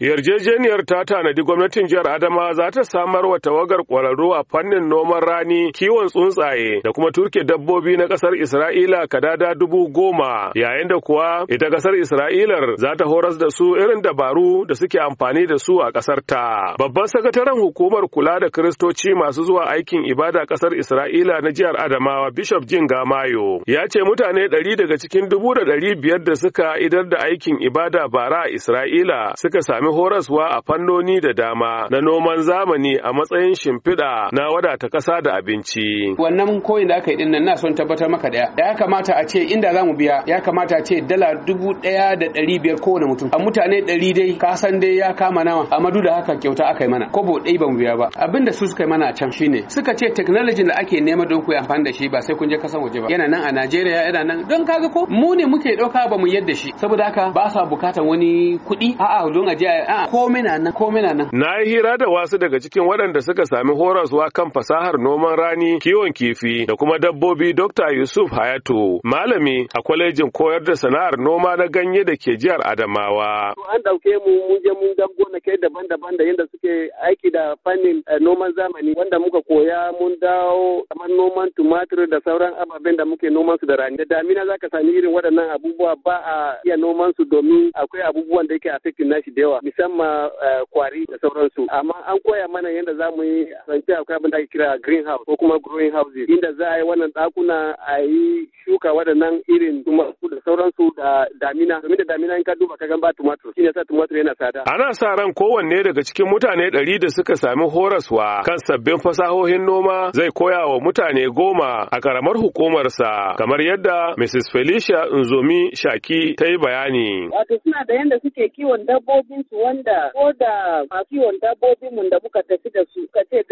Yarjejeniyar ta tanadi gwamnatin jihar Adama za ta samar wa tawagar ƙwararru a fannin noman rani, kiwon tsuntsaye da kuma turke dabbobi na ƙasar Isra'ila kadada dubu goma, yayin da kuwa ita ƙasar Isra'ilar za ta horas da su irin dabaru da suke amfani da su a ƙasar ta. Babban sakataren hukumar kula da Kiristoci masu zuwa aikin ibada ƙasar Isra'ila na jihar Adamawa Bishop Jin Gamayo ya ce mutane ɗari daga cikin dubu da ɗari biyar da suka idar da aikin ibada bara a Isra'ila suka sami sami horaswa a fannoni da dama na noman zamani a matsayin shimfiɗa na wadata ƙasa da abinci. Wannan koyin da aka yi dinnan na son tabbatar maka daya. Ya kamata a ce inda za mu biya ya kamata a ce dala dubu ɗaya da ɗari biyar kowane mutum. A mutane ɗari dai ka san dai ya kama nawa Amadu madu da haka kyauta aka yi mana. Kobo ba mu biya ba. Abin da su suka yi mana a can shine suka ce technology da ake nema don ku yi amfani da shi ba sai kun je kasan waje ba. Yana nan a Najeriya yana nan don kaga ko mu ne muke ɗauka ba mu yadda shi saboda haka ba sa bukatan wani kuɗi a'a don a je na nan nan na yi hira da wasu daga cikin waɗanda suka sami horaswa kan fasahar noman rani kiwon kifi da kuma dabbobi Dr. Yusuf Hayatu. malami a kwalejin koyar da sana'ar noma na ganye da ke jihar Adamawa an ɗauke mu mun je mun ga gonakai daban-daban da yadda suke aiki da fannin eh, noman zamani wanda muka koya mun dawo kamar noman tumatir da sauran ababen da muke noman su da rani da damina zaka sami irin waɗannan abubuwa ba a iya noman su domin akwai abubuwan da yake affecting nashi da yawa misamman eh, kwari da sauransu amma an koya mana yadda za mu yi rance akwai abin da ake kira green house ko kuma growing houses inda za a yi wannan dakuna a yi shuka waɗannan irin tumatu da sauransu da damina domin da damina in ka duba ka gan ba tumatur shine sa tumatir yana tsada ana sa ran kowanne daga cikin mutane ɗari da suka sami horaswa kan sabbin fasahohin noma zai koya wa mutane goma a karamar hukumarsa kamar yadda Mrs. Felicia Nzomi Shaki ta yi bayani. Wato suna da yadda suke kiwon dabbobin dabbobinsu wanda ko da masu kiwon dabbobin mu da muka tafi da su ka ce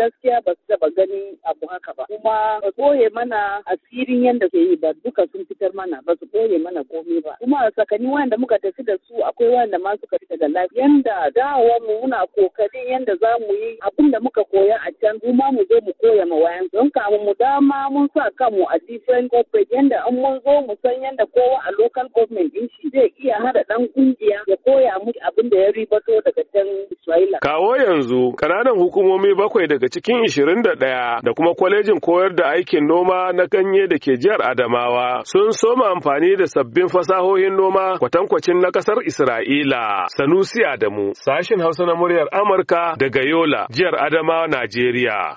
yi abu haka ba kuma ba koye mana asirin yadda ke yi ba duka sun fitar mana ba su koye mana komai ba kuma a tsakanin wanda muka tafi da su akwai wanda ma suka fita daga lafiya yanda dawa mu muna kokarin yanda za mu yi abin da muka koya a can kuma mu zo mu koya ma wayan don kamun mu dama mun sa kanmu a different corporate yanda an mun zo mu san yanda kowa a local government din shi zai iya hada dan kungiya ya koya mu abin da ya ribato daga can Isra'ila. Kawo yanzu kananan hukumomi bakwai daga cikin ishirin da ɗaya da kuma kwalejin koyar da aikin noma na ganye da ke jihar Adamawa sun soma amfani da sabbin fasahohin noma kwatankwacin na ƙasar Isra'ila. Sanusi Adamu, sashin Hausa na muryar Amurka daga Yola, jihar Adamawa, Najeriya.